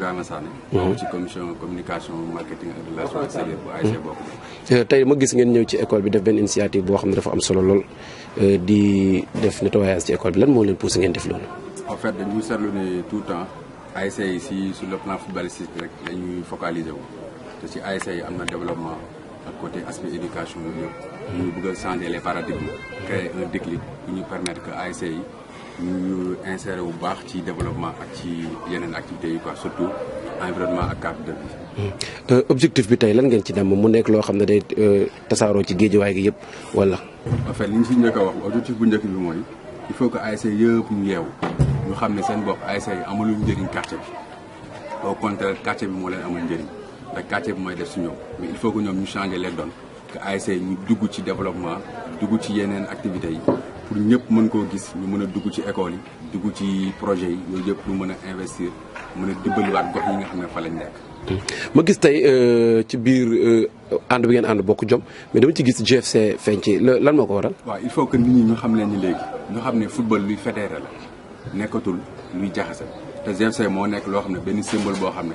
Ibrahima Sané. moom ci commission communication marketing ak relations euh, tey ma gis ngeen ñëw ci école bi def benn initiative boo xam ne dafa am solo lool euh, di def nettoyage ci école bi lan moo leen poussé ngeen def loolu. en fait dañu seetlu ne tout le temps ASC yi si sur le plan footballistique rek dañuy focaliser wu te ci ASC yi am na développement. côté aspect éducation yooyu yëpp muy bëgg changer les paradigmes créer un déclic pour ñu permettre que ASC yi ñu insérer bu baax ci développement ak ci yeneen activités quoi surtout environnement ak cadre de vie. Euh, objectif bi tay lan ngeen ci dem mu nek lo xam ne day euh, tasaaroo ci géejuwaay gi yëpp wala. en fait li ñu si njëkk a wax objectif bu njëkk bi moy il faut que ASC yëpp ñu yeewu ñu xam ne seen bopp ASC yi amaluñu njëriñ quartier bi au contraire quartier bi mo leen amul njëriñ rek quartier bi mooy def si ñoom mais il faut que ñoom ñu changer leen doon que ASC ñu dugg ci développement dugg ci yeneen activités yi pour ñëpp mën koo gis ñu mën a dugg ci école yi dugg ci projet yi yooyu yëpp pour mën a investir mën a dimbaliwaat gox yi nga xam ne fa lañ nekk. Hmm. ma gis tey euh, ci biir euh, ànd bi ngeen ànd bokk jom mais dama ci gis GFC feeñ lan moo ko waral. waaw il faut que nit ñi ñu xam leen ni léegi ñu xam ne football luy fédéral la nekkatul luy jaxase te GFC moo nekk loo xam ne benn symbole boo xam ne.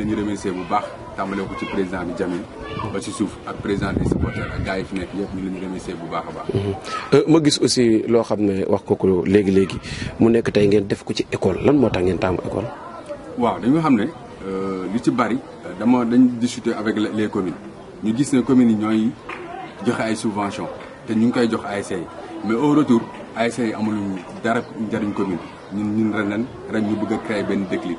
la ñu bu baax tàmbale ko ci président bi Jamil ba ci suuf ak président des supporters ak gars yi fi nekk yëpp ñu la ñu bu baax a baax. Mhm. Euh, ma gis aussi loo xam ne wax ko ko léegi léegi mu nekk tey ngeen def ko ci école lan moo tax ngeen taamu école. waaw dañoo xam ne euh, lu ci bari dama dañ discuter avec les communes ñu gis ne communes yi ñooy joxe ay subventions te ñu ngi koy jox ay yi mais au retour ASC yi amuluñu dara njariñ commune ñun ñun ren ren ñu bëgg a créer benn déclic.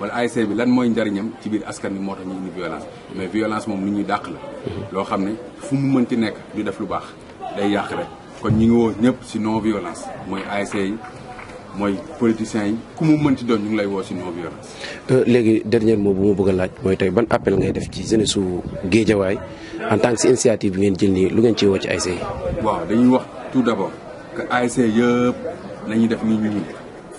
wala ASC bi lan mooy njariñam ci biir askan bi moo tax ñu indi violence mais violence moom lu ñuy dàq la loo xam ne fu mu mënti nekk ñu def lu baax day yàq rek kon ñu ngi woo ñëpp si non violence mooy ASC yi mooy politiciens yi ku mu mënti doon ñu ngi lay woo si non violence euh, léegi dernier mot bu ma bëgg laaj mooy tey ban appel ngay def ci jeunesse su Géejawaay en tant que si initiative bi ngeen jël nii lu ngeen ci woo ci ASC yi waaw dañuy wax tout d'abord que ASC yëpp nañuy def nii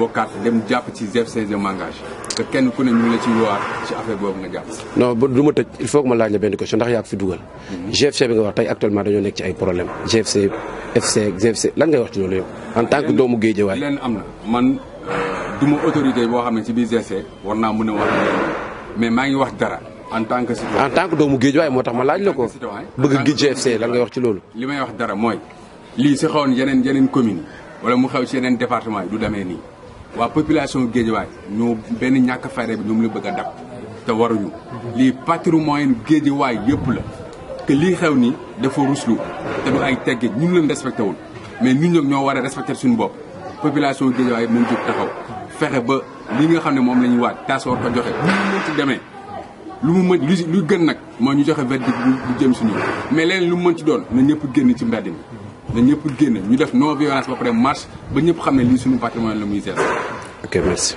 bokkaat dem jàpp ci GFCG Mangage kenn ku ne ñu ngi ci woowaat ci affaire boobu nga jàpp non ba du ma tëj il faut que benn question ndax yaa ko fi dugal mhm. GFC bi nga wax tey actuellement lan ngay wax ci loolu yow tant que doomu Géejawaay leen am man euh, du ma autorité boo xam ne ci biir GFC war naa mën a wax mais maa ngi wax dara en tant que citoyen en tant que doomu Géejawaay moo tax ma laaj la ko bëgg gi GFC lan ngay wax ci loolu li may wax dara mooy lii si xawoon yeneen yeneen commune wala mu xaw ci yeneen département yi du demee nii waa population Géejawaay ñoo benn ñàkk fayda bi ñoom la bëgg a dab te waruñu lii patrimoine Géejawaay yëpp la te lii xew nii dafa ruslu te du ay tegge ñun leen respecté wul mais ñun ñoom ñoo war a respecté suñu bopp population Géejawaay moom jóg taxaw fexe ba li nga xam ne moom la ñuy waat taas war ko joxe lu mu mën ci demee lu mu mën lu gën nag moo ñu joxe verdict bu jëm suñu mais leneen lu mu mën ci doon na ñëpp génn ci mbedd mi na ñëpp génn ñu def non violence ba pare marche ba ñëpp xam ne lii de la ok merci.